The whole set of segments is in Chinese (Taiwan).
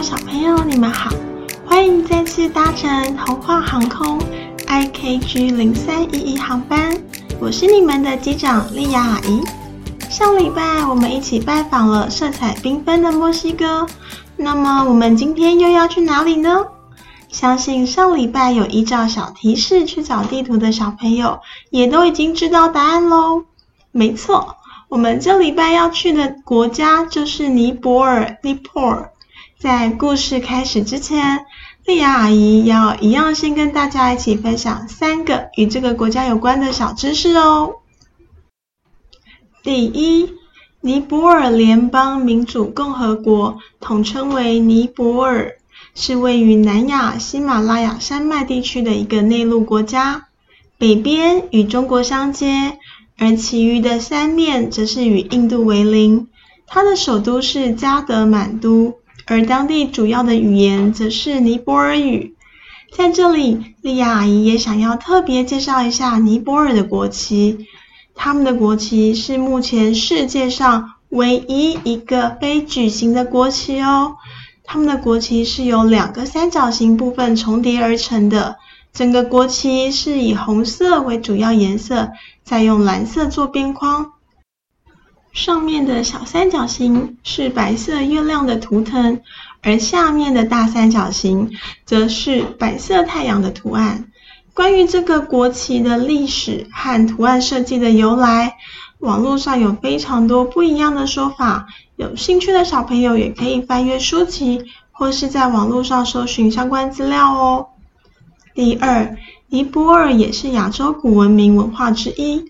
小朋友，你們好，歡迎再次搭乘童話航空 I K G 零三一一航班。我是你們的機長莉亞阿姨。上禮拜我們一起拜訪了色彩繽紛的墨西哥，那麼我們今天又要去哪裡呢？相信上禮拜有依照小提示去找地圖的小朋友，也都已經知道答案嘍。沒錯，我們這禮拜要去的國家就是尼泊爾，Nepal。在故事開始之前，莉雅阿姨要一樣先跟大家一起分享三個與這個國家有關的小知識哦。第一，尼泊爾聯邦民主共和國，統稱為尼泊爾，是位於南亞喜馬拉雅山脈地區的一個內陸國家，北邊與中國相接，而其餘的三面則是與印度為鄰。它的首都是加德滿都。而當地主要的語言則是尼泊爾語。在這裡，莉亞阿姨也想要特別介紹一下尼泊爾的國旗。他們的國旗是目前世界上唯一一個非矩形的國旗哦。他們的國旗是由兩個三角形部分重疊而成的，整個國旗是以紅色為主要顏色，再用藍色做邊框。上面的小三角形是白色月亮的圖騰，而下面的大三角形則是白色太陽的圖案。關於這個國旗的歷史和圖案設計的由來，網絡上有非常多不一樣的說法，有興趣的小朋友也可以翻閱書籍，或是在網絡上搜尋相關資料哦。第二，尼泊爾也是亞洲古文明文化之一。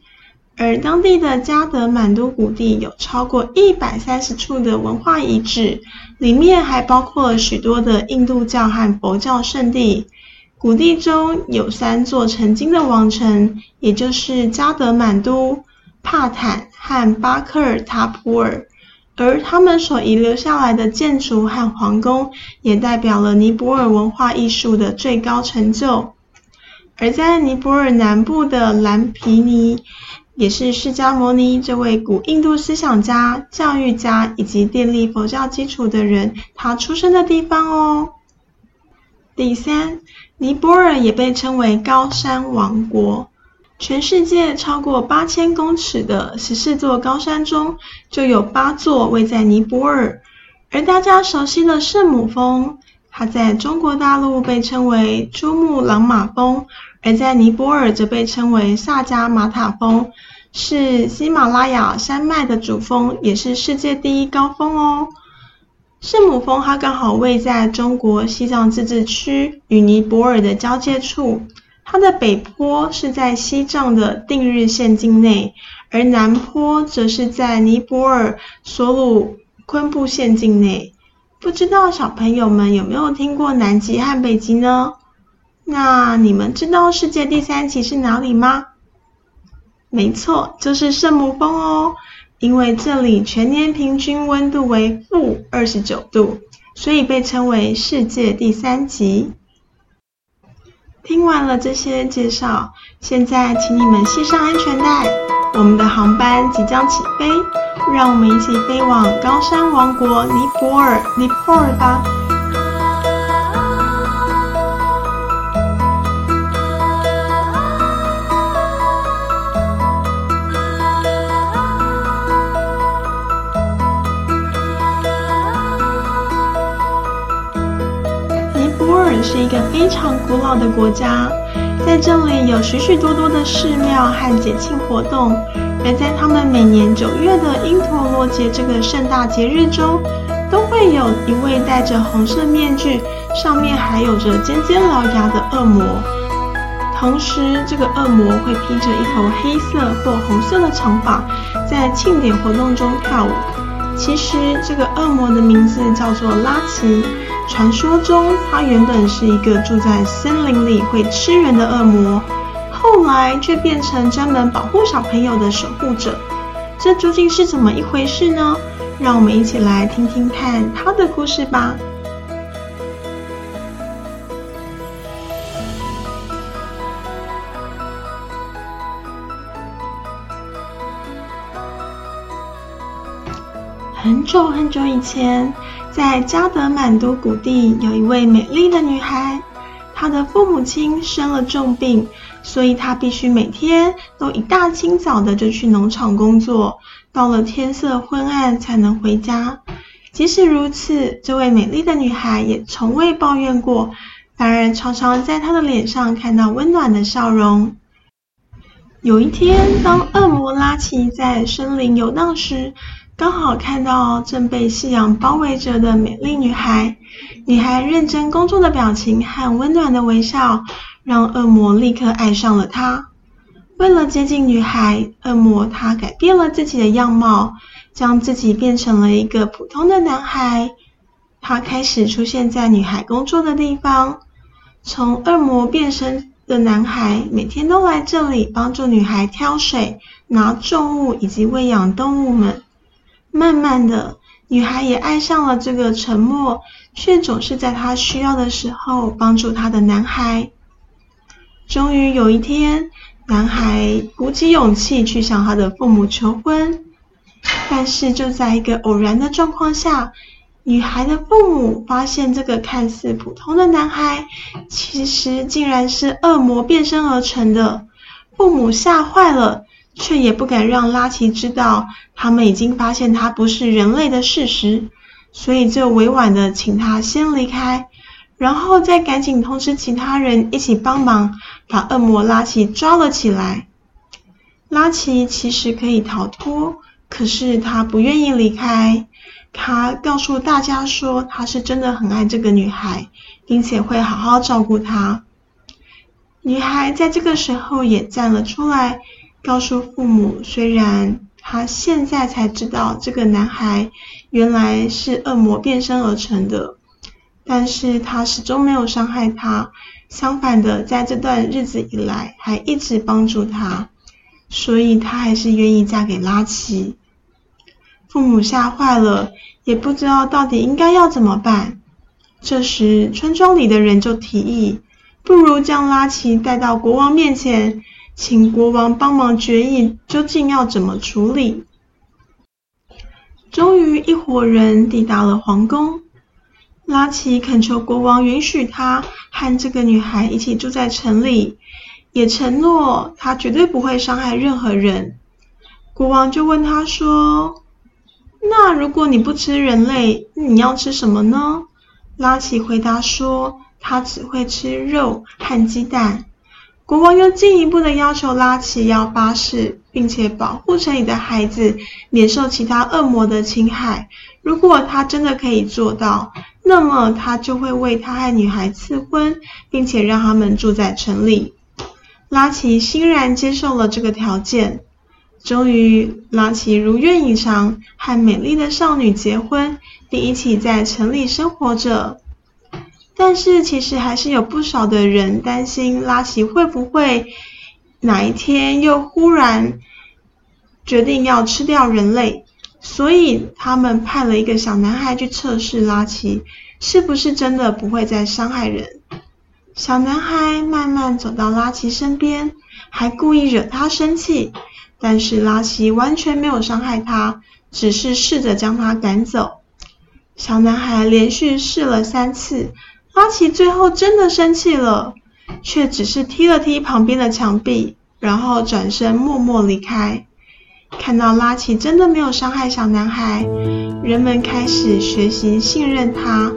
而當地的加德滿都谷地有超過一百三十處的文化遺址，裡面還包括了許多的印度教和佛教聖地。谷地中有三座曾經的王城，也就是加德滿都、帕坦和巴克爾塔普爾。而他們所遺留下來的建築和皇宮，也代表了尼泊爾文化藝術的最高成就。而在尼泊爾南部的蘭皮尼。也是釋迦牟尼這位古印度思想家、教育家以及奠定佛教基礎的人，他出生的地方哦。第三，尼泊爾也被稱為高山王國。全世界超過八千公尺的十四座高山中，就有八座位在尼泊爾。而大家熟悉的聖母峰，它在中國大陸被稱為珠穆朗瑪峰。而在尼泊爾則被稱為薩迦瑪塔峰，是喜馬拉雅山脈的主峰，也是世界第一高峰哦。聖母峰它剛好位在中國西藏自治區與尼泊爾的交界處，它的北坡是在西藏的定日縣境內，而南坡則是在尼泊爾索魯昆布縣境內。不知道小朋友們有沒有聽過南極和北極呢？那你們知道世界第三極是哪裡嗎？沒錯，就是聖母峰哦，因為這裡全年平均溫度為負二十九度，所以被稱為世界第三極。聽完了這些介紹，現在請你們繫上安全帶，我們的航班即將起飛，讓我們一起飛往高山王國尼泊爾，尼泊爾吧。是一個非常古老的國家，在這裡有許許多多的寺廟和節慶活動，而在他們每年九月的因陀羅節這個盛大節日中，都會有一位戴着紅色面具、上面還有着尖尖獠牙的惡魔。同時，這個惡魔會披着一頭黑色或紅色的長髮，在慶典活動中跳舞。其實，這個惡魔的名字叫做拉奇。傳說中，他原本是一個住在森林裡會吃人的惡魔，後來卻變成專門保護小朋友的守護者。這究竟是怎麼一回事呢？讓我們一起來聽聽看他的故事吧。很久很久以前。在加德滿都谷地，有一位美麗的女孩，她的父母親生了重病，所以她必須每天都一大清早的就去農場工作，到了天色昏暗才能回家。即使如此，這位美麗的女孩也從未抱怨過，反而常常在她的臉上看到溫暖的笑容。有一天，當惡魔拉奇在森林遊蕩時，剛好看到正被夕陽包圍着的美麗女孩，女孩認真工作的表情和溫暖的微笑，讓惡魔立刻愛上了她。為了接近女孩，惡魔他改變了自己的樣貌，將自己變成了一個普通的男孩。他開始出現在女孩工作的地方。從惡魔變身的男孩每天都來這裡幫助女孩挑水、拿重物以及餵養動物們。慢慢的，女孩也愛上了這個沉默卻總是在她需要的時候幫助她的男孩。終於有一天，男孩鼓起勇氣去向她的父母求婚。但是就在一個偶然的狀況下，女孩的父母發現這個看似普通的男孩，其實竟然是惡魔變身而成的。父母嚇壞了。卻也不敢讓拉奇知道他們已經發現他不是人類的事實，所以就委婉地請他先離開，然後再趕緊通知其他人一起幫忙把惡魔拉奇抓了起來。拉奇其實可以逃脫，可是他不願意離開。他告訴大家說，他是真的很愛這個女孩，並且會好好照顧她。女孩在這個時候也站了出來告訴父母，雖然他現在才知道這個男孩原來是惡魔變身而成的，但是他始終沒有傷害他，相反的，在這段日子以來還一直幫助他，所以他還是願意嫁給拉奇。父母嚇壞了，也不知道到底應該要怎麼辦。這時，村莊裡的人就提議，不如將拉奇帶到國王面前。請國王幫忙決議，究竟要怎麼處理？終於，一夥人抵達了皇宮。拉奇懇求國王允許他和這個女孩一起住在城裡，也承諾他絕對不會傷害任何人。國王就問他說：“那如果你不吃人類，你要吃什麼呢？”拉奇回答說：“他只會吃肉和雞蛋。”國王又進一步的要求拉齊要發誓，並且保護城裡的孩子免受其他惡魔的侵害。如果他真的可以做到，那麼他就會為他和女孩賜婚，並且讓他們住在城裡。拉齊欣然接受了這個條件。終於，拉齊如願以償，和美麗的少女結婚，並一起在城裡生活着。但是其實還是有不少的人擔心拉奇，會不會哪一天又忽然決定要吃掉人類，所以他們派了一個小男孩去測試拉奇是不是真的不會再傷害人。小男孩慢慢走到拉奇身邊，還故意惹他生氣，但是拉奇完全沒有傷害他，只是試着將他趕走。小男孩連續試了三次。拉奇最後真的生氣了，卻只是踢了踢旁邊的牆壁，然後轉身默默離開。看到拉奇真的沒有傷害小男孩，人們開始學習信任他，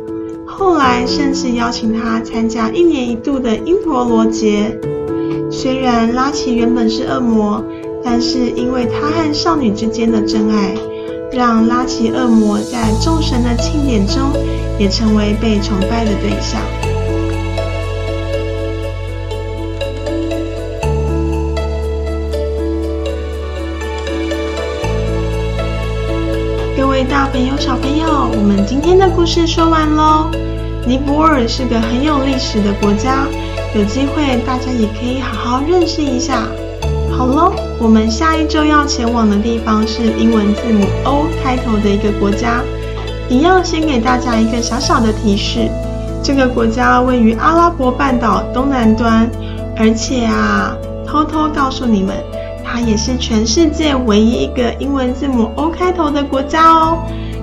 後來甚至邀請他參加一年一度的因陀羅節。雖然拉奇原本是惡魔，但是因為他和少女之間的真愛。讓拉奇惡魔在眾神的慶典中也成為被崇拜的對象。各位大朋友、小朋友，我們今天的故事說完嘍。尼泊爾是個很有歷史的國家，有機會大家也可以好好認識一下。好嘍，我們下一周要前往的地方是英文字母 O 開頭的一個國家。一樣，先給大家一個小小的提示：這個國家位於阿拉伯半島東南端，而且啊，偷偷告訴你們，它也是全世界唯一一個英文字母 O 開頭的國家哦。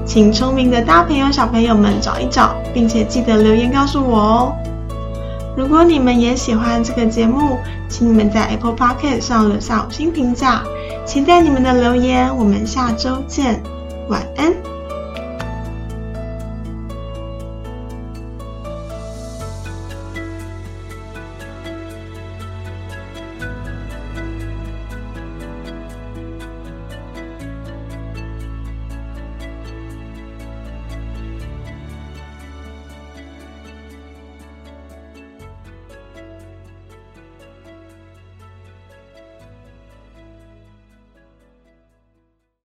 請聰明的大朋友、小朋友們找一找，並且記得留言告訴我哦。如果你們也喜歡這個節目，請你們在 Apple Podcast 上留下五星評價。期待你們的留言，我們下周見，晚安。